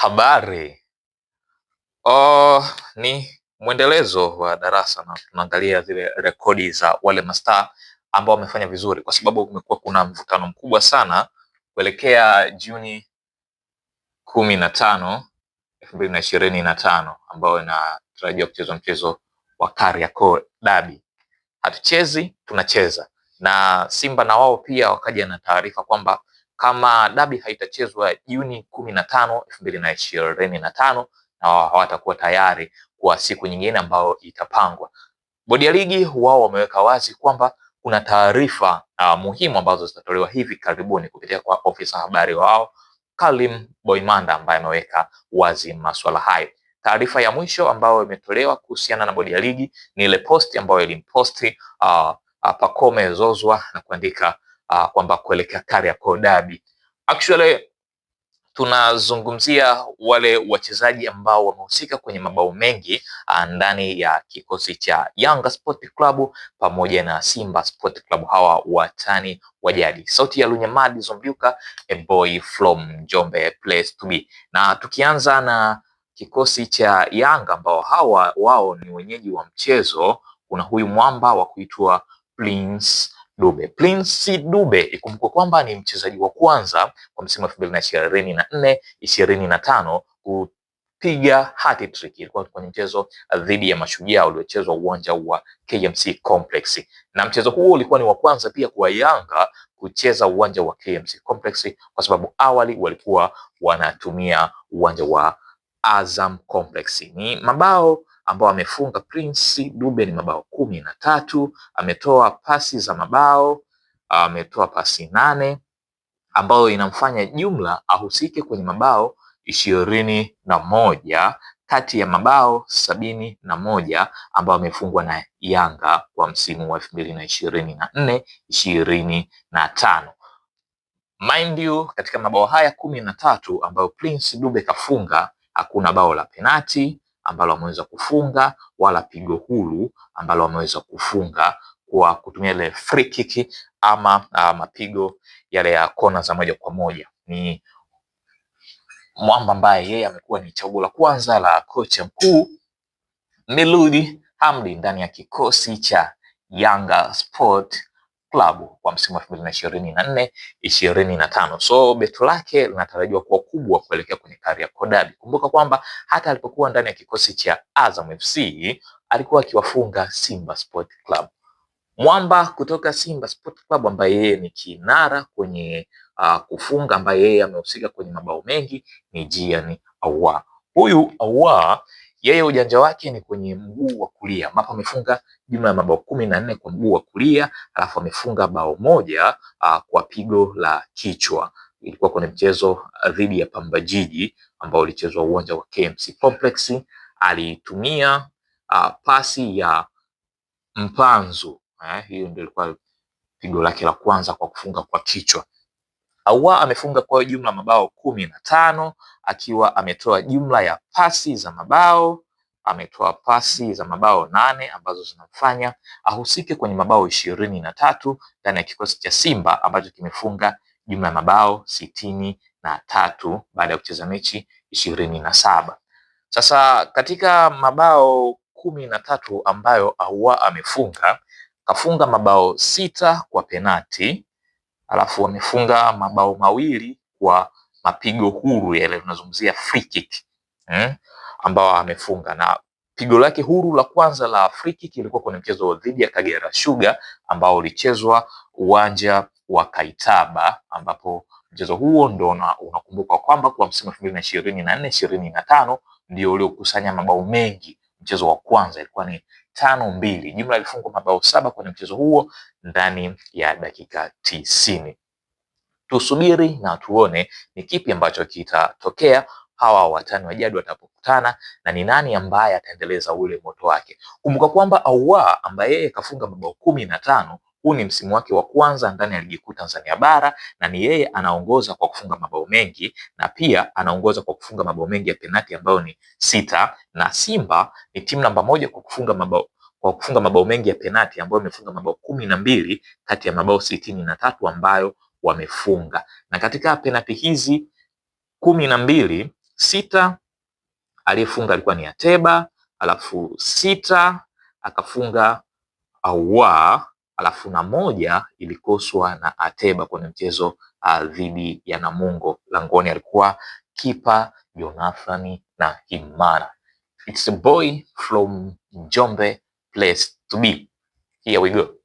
Habari ni mwendelezo wa darasa na tunaangalia zile rekodi za wale mastaa ambao wamefanya vizuri, kwa sababu kumekuwa kuna mvutano mkubwa sana kuelekea Juni kumi na tano elfu mbili na ishirini na tano ambayo inatarajiwa kuchezwa mchezo wa Kariakoo dabi Hatuchezi tunacheza na Simba na wao pia wakaja na taarifa kwamba kama dabi haitachezwa Juni kumi na tano elfu mbili na ishirini na tano na hawatakuwa tayari kwa siku nyingine ambayo itapangwa. Bodi ya ligi wao wameweka wazi kwamba kuna taarifa uh, muhimu ambazo zitatolewa hivi karibuni kupitia kwa ofisa habari wao Kalim Boimanda ambaye ameweka wazi masuala hayo. Taarifa ya mwisho ambayo imetolewa kuhusiana na bodi ya ligi ni ile posti ambayo ilimposti uh, Pacome Zozwa na kuandika uh, kwamba kuelekea Kariakoo Derby. Actually tunazungumzia wale wachezaji ambao wamehusika kwenye mabao mengi ah, ndani ya kikosi cha Yanga Sport Club pamoja na Simba Sport Club, hawa watani wa jadi. Sauti ya Lunyamadi Zombiuka, a boy from Njombe, place to be. Na tukianza na kikosi cha Yanga ambao hawa wao ni wenyeji wa mchezo, kuna huyu mwamba wa kuitwa Prince Dube. Prince Dube ikumbukwe kwamba ni mchezaji wa kwanza kwa msimu elfu mbili na ishirini na nne ishirini na tano piga hat trick ilikuwa kwenye mchezo dhidi ya Mashujaa uliochezwa uwanja wa KMC Complex, na mchezo huo ulikuwa ni wa kwanza pia kwa Yanga kucheza uwanja wa KMC Complex kwa sababu awali walikuwa wanatumia uwanja wa Azam Complex. Ni mabao ambao amefunga Prince Dube ni mabao kumi na tatu, ametoa pasi za mabao, ametoa pasi nane ambayo inamfanya jumla ahusike kwenye mabao ishirini na moja kati ya mabao sabini na moja ambayo amefungwa na Yanga kwa msimu wa elfu mbili na ishirini na nne ishirini na tano. Mind you, katika mabao haya kumi na tatu ambayo Prince Dube kafunga hakuna bao la penati, ambalo wameweza kufunga wala pigo huru ambalo wameweza kufunga kwa kutumia ile free kick ama uh, mapigo yale ya kona za moja kwa moja. Ni mwamba ambaye yeye amekuwa ni chaguo la kwanza la kocha mkuu Miludi Hamdi ndani ya kikosi cha Yanga Sport Club kwa msimu wa elfu mbili na ishirini na nne ishirini na tano so betu lake linatarajiwa kuwa mkubwa kuelekea kwenye Kariakoo Derby. Kumbuka kwamba hata alipokuwa ndani ya kikosi cha Azam FC alikuwa akiwafunga Simba Sport Club. Mwamba kutoka Simba Sport Club ambaye yeye ni kinara kwenye uh, kufunga ambaye yeye amehusika kwenye mabao mengi ni Jean Ahoua. Huyu Ahoua yeye ujanja wake ni kwenye mguu wa kulia ambapo amefunga jumla ya mabao kumi na nne kwa mguu wa kulia alafu amefunga bao moja uh, kwa pigo la kichwa ilikuwa kwenye mchezo uh, dhidi ya Pamba Jiji ambao ulichezwa uwanja wa KMC Complex. Alitumia uh, pasi ya mpanzu eh, hiyo ndio ilikuwa pigo lake la kwanza kwa kufunga kwa kichwa. au amefunga kwa jumla mabao kumi na tano akiwa ametoa jumla ya pasi za mabao ametoa pasi za mabao nane ambazo zinamfanya ahusike kwenye mabao ishirini na tatu ndani ya kikosi cha Simba ambacho kimefunga jumla ya mabao sitini na tatu baada ya kucheza mechi ishirini na saba. Sasa katika mabao kumi na tatu ambayo Ahoua amefunga kafunga mabao sita kwa penati, alafu amefunga mabao mawili kwa mapigo huru, yale tunazungumzia free kick hmm, ambao amefunga na pigo lake huru la kwanza la free kick ilikuwa kwenye mchezo dhidi ya Kagera Sugar ambao ulichezwa uwanja wa Kaitaba ambapo mchezo huo ndo unakumbuka kwamba kwa msimu elfu mbili na ishirini na nne ishirini na tano ndio uliokusanya mabao mengi. Mchezo wa kwanza ilikuwa ni tano mbili, jumla ilifungwa mabao saba kwenye mchezo huo ndani ya dakika tisini. Tusubiri na tuone ni kipi ambacho kitatokea hawa watani wa jadi watapokutana na ni nani ambaye ataendeleza ule moto wake. Kumbuka kwamba Ahoua ambaye yeye kafunga mabao kumi na tano huu ni msimu wake wa kwanza ndani ya ligi kuu Tanzania bara na ni yeye anaongoza kwa kufunga mabao mengi na pia anaongoza kwa kufunga mabao mengi ya penati ambayo ni sita, na Simba ni timu namba moja kwa kufunga mabao kwa kufunga mabao mengi ya penati ambayo imefunga mabao kumi na mbili kati ya mabao sitini na tatu ambayo wamefunga, na katika penati hizi kumi na mbili sita aliyefunga alikuwa ni Ateba, alafu sita akafunga Awa alafu na moja ilikoswa na Ateba kwenye mchezo ah, dhidi uh, ya Namungo. Langoni alikuwa kipa Jonathan na Himara. It's a boy from Njombe place to be. Here we go.